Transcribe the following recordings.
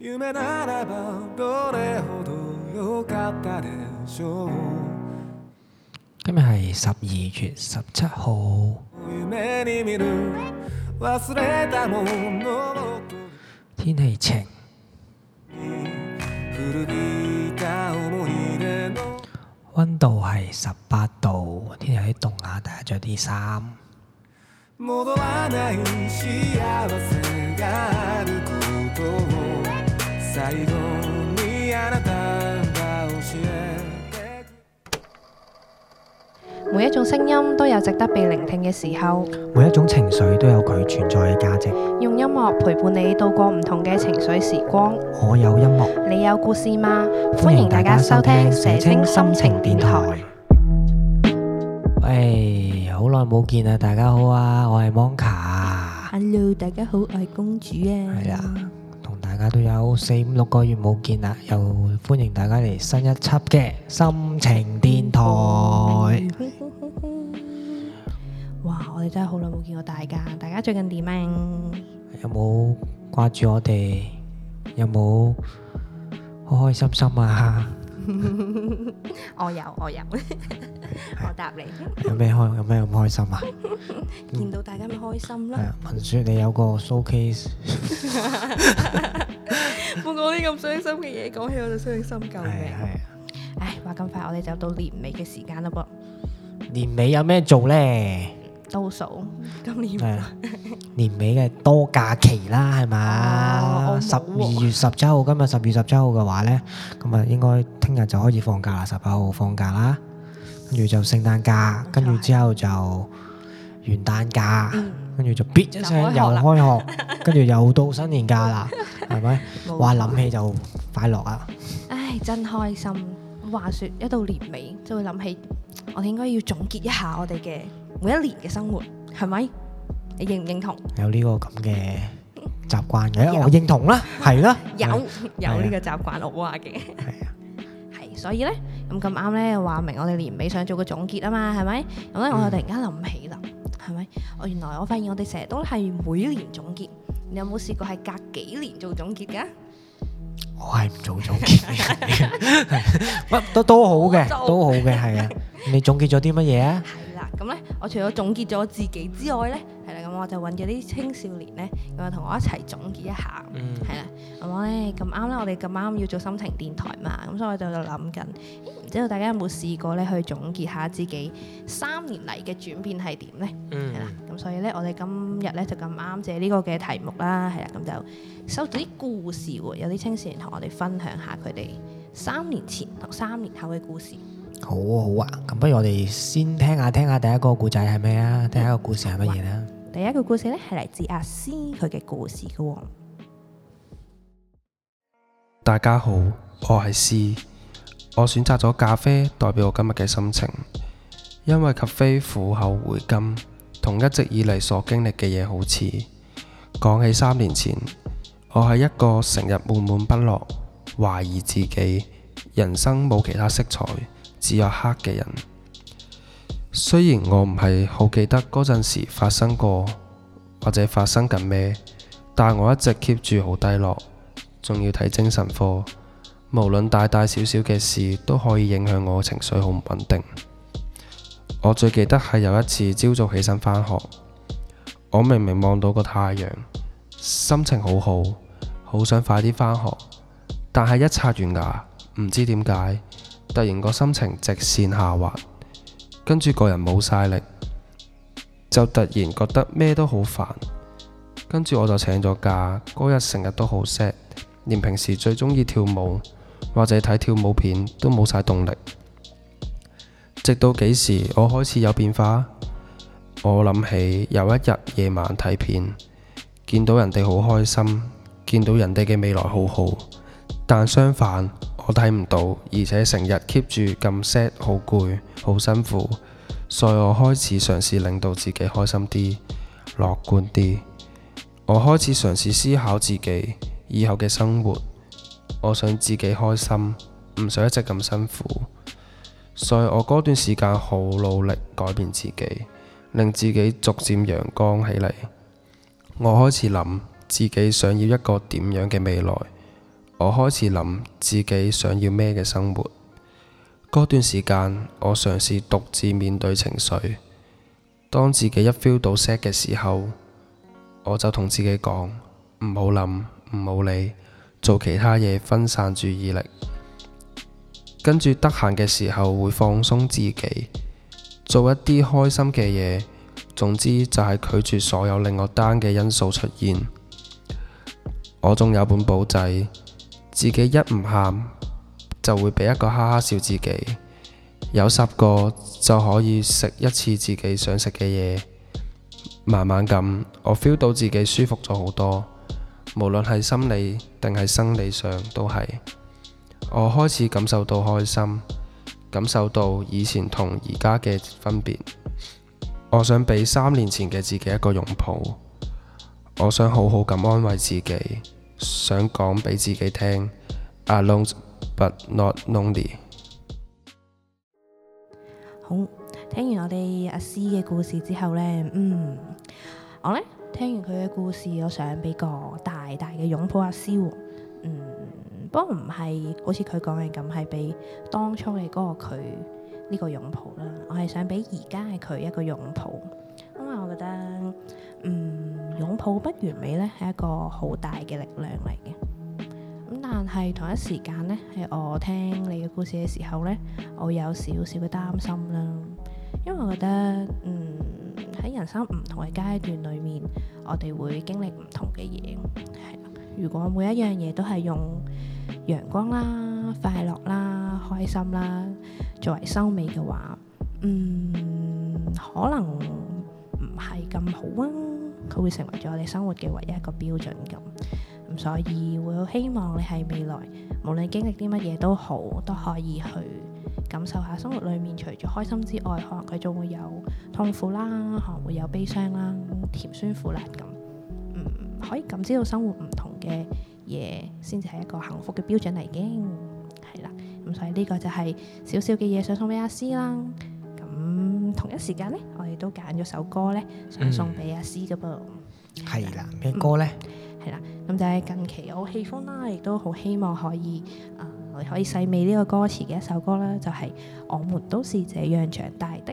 今日係十二月十七號，天氣晴，溫度係十八度，天氣有啲凍啊，大家着啲衫。每一種聲音都有值得被聆聽嘅時候，每一種情緒都有佢存在嘅價值。用音樂陪伴你度過唔同嘅情緒時光。我有音樂，你有故事嗎？歡迎大家收聽《寫清心情電台》。喂，好耐冇見啊！大家好啊，我係 Monka。Hello，大家好，我係公主啊。係啊。大家都有四五六個月冇見啦，又歡迎大家嚟新一輯嘅心情電台。哇！我哋真係好耐冇見過大家，大家最近點啊？有冇掛住我哋？有冇開開心心啊？我有我有，我答你。有咩開有咩咁開心啊？見到大家咪開心啦。文雪你有個 showcase，不過啲咁傷心嘅嘢講起我就傷心，救命。係啊，唉，話咁快我哋就到年尾嘅時間啦噃。年尾有咩做咧？倒數今年年尾嘅多假期啦，係咪？十二月十七號，今日十二月十七號嘅話呢，咁啊應該聽日就開始放假啦，十八號放假啦，跟住就聖誕假，跟住之後就元旦假，跟住就咇一聲又開學，跟住又到新年假啦，係咪？哇，諗起就快樂啊！唉，真開心。話說一到年尾，就會諗起我應該要總結一下我哋嘅。每一年嘅生活係咪？你認唔認同？有呢個咁嘅習慣嘅，我認同啦，係啦。有有呢個習慣，我話嘅係啊，係所以咧咁咁啱咧，話明我哋年尾想做個總結啊嘛，係咪？咁咧，我突然間諗起啦，係咪？我原來我發現我哋成日都係每年總結，你有冇試過係隔幾年做總結㗎？我係唔做總結，乜都都好嘅，都好嘅係啊。你總結咗啲乜嘢啊？咁咧，我除咗總結咗自己之外咧，係啦，咁我就揾咗啲青少年咧，咁啊同我一齊總結一下，係啦、嗯，咁咧咁啱咧，我哋咁啱要做心情電台嘛，咁所以我就諗緊，唔知道大家有冇試過咧去總結下自己三年嚟嘅轉變係點咧？係啦、嗯，咁所以咧，我哋今日咧就咁啱借呢個嘅題目啦，係啦，咁就收到啲故事喎，有啲青少年同我哋分享下佢哋三年前同三年後嘅故事。好啊，好啊，咁不如我哋先聽下聽下第一個故仔係咩啊？第一個故事係乜嘢咧？第一個故事呢係嚟自阿詩佢嘅故事嘅哦。大家好，我係詩，我選擇咗咖啡代表我今日嘅心情，因為咖啡苦後回甘，同一直以嚟所經歷嘅嘢好似。講起三年前，我係一個成日悶悶不樂，懷疑自己，人生冇其他色彩，只有黑嘅人。雖然我唔係好記得嗰陣時發生過或者發生緊咩，但我一直 keep 住好低落，仲要睇精神科。無論大大小小嘅事都可以影響我情緒，好唔穩定。我最記得係有一次朝早起身返學，我明明望到個太陽，心情好好，好想快啲返學。但係一刷完牙，唔知點解。突然個心情直線下滑，跟住個人冇晒力，就突然覺得咩都好煩。跟住我就請咗假，嗰日成日都好 sad，連平時最中意跳舞或者睇跳舞片都冇晒動力。直到幾時我開始有變化？我諗起有一日夜晚睇片，見到人哋好開心，見到人哋嘅未來好好，但相反。我睇唔到，而且成日 keep 住咁 set 好攰，好辛苦。所以我開始嘗試令到自己開心啲、樂觀啲。我開始嘗試思考自己以後嘅生活。我想自己開心，唔想一直咁辛苦。所以我嗰段時間好努力改變自己，令自己逐漸陽光起嚟。我開始諗自己想要一個點樣嘅未來。我開始諗自己想要咩嘅生活。嗰段時間，我嘗試獨自面對情緒。當自己一 feel 到 sad 嘅時候，我就同自己講唔好諗，唔好理，做其他嘢分散注意力。跟住得閒嘅時候會放鬆自己，做一啲開心嘅嘢。總之就係拒絕所有令我 down 嘅因素出現。我仲有本簿仔。自己一唔喊，就會俾一個哈哈笑自己。有十個就可以食一次自己想食嘅嘢。慢慢咁，我 feel 到自己舒服咗好多，無論係心理定係生理上都係。我開始感受到開心，感受到以前同而家嘅分別。我想俾三年前嘅自己一個擁抱，我想好好咁安慰自己。想講俾自己聽，alone but not lonely。好，聽完我哋阿詩嘅故事之後呢，嗯，我呢，聽完佢嘅故事，我想俾個大大嘅擁抱阿詩喎、哦。嗯，不過唔係好似佢講嘅咁，係俾當初嘅嗰個佢呢個擁抱啦。我係想俾而家嘅佢一個擁抱。我覺得嗯，擁抱不完美咧，係一個好大嘅力量嚟嘅。咁但係同一時間咧，喺我聽你嘅故事嘅時候咧，我有少少嘅擔心啦。因為我覺得嗯，喺人生唔同嘅階段裏面，我哋會經歷唔同嘅嘢係啦。如果每一樣嘢都係用陽光啦、快樂啦、開心啦作為收尾嘅話，嗯，可能。係咁好啊！佢會成為咗我哋生活嘅唯一一個標準咁，咁所以會好希望你係未來，無論經歷啲乜嘢都好，都可以去感受下生活裏面除咗開心之外，可能佢仲會有痛苦啦，可能會有悲傷啦，甜酸苦辣咁，嗯，可以感知到生活唔同嘅嘢，先至係一個幸福嘅標準嚟嘅，係啦，咁所以呢個就係少少嘅嘢想送俾阿詩啦。同一時間咧，我哋都揀咗首歌咧，想送俾阿詩噶噃。係啦、嗯，咩歌咧？係啦、嗯，咁就係近期我喜歡啦，亦都好希望可以啊、呃、可以細味呢個歌詞嘅一首歌啦，就係、是、《我們都是這樣長大的》。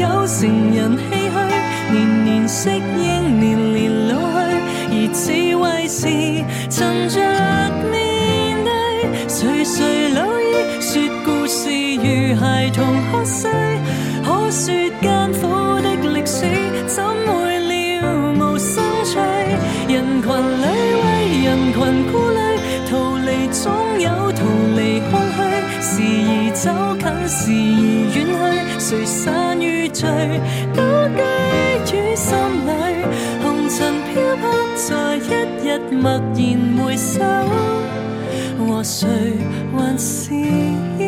有成人唏噓，年年適應，年年老去，而智慧是沉着面對，垂垂老矣，說故事如孩童哭聲。走近時而遠去，誰散與聚都記於心裏。紅塵漂泊在一日，驀然回首，和誰還是？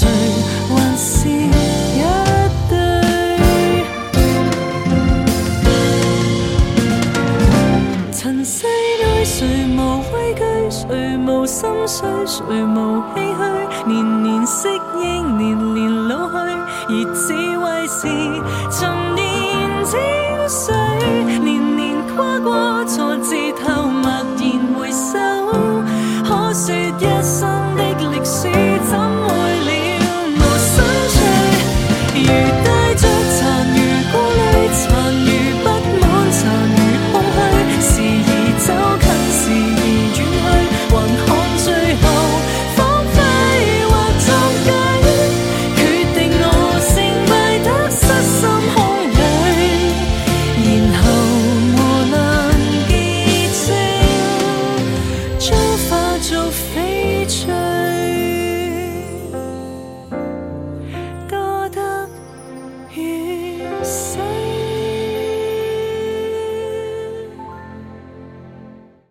誰還是一對？塵 世內誰無畏懼？誰無心碎？誰無唏噓？年年適應，年年老去，而智慧是沉澱精髓。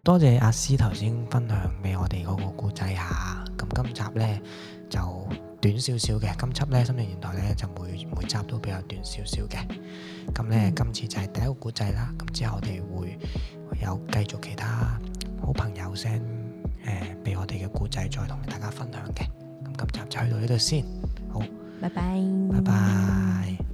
多謝阿師頭先分享俾我哋嗰個古仔，下咁今集呢就短少少嘅，今輯呢，新聞年代呢，就每每集都比較短少少嘅，咁呢，嗯、今次就係第一個古仔啦，咁之後我哋會有繼續其他好朋友聲誒、呃、俾我哋嘅古仔再同大家分享嘅，咁今集就去到呢度先，好，拜拜，拜拜。